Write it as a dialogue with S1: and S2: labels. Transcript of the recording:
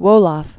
S1: Wolof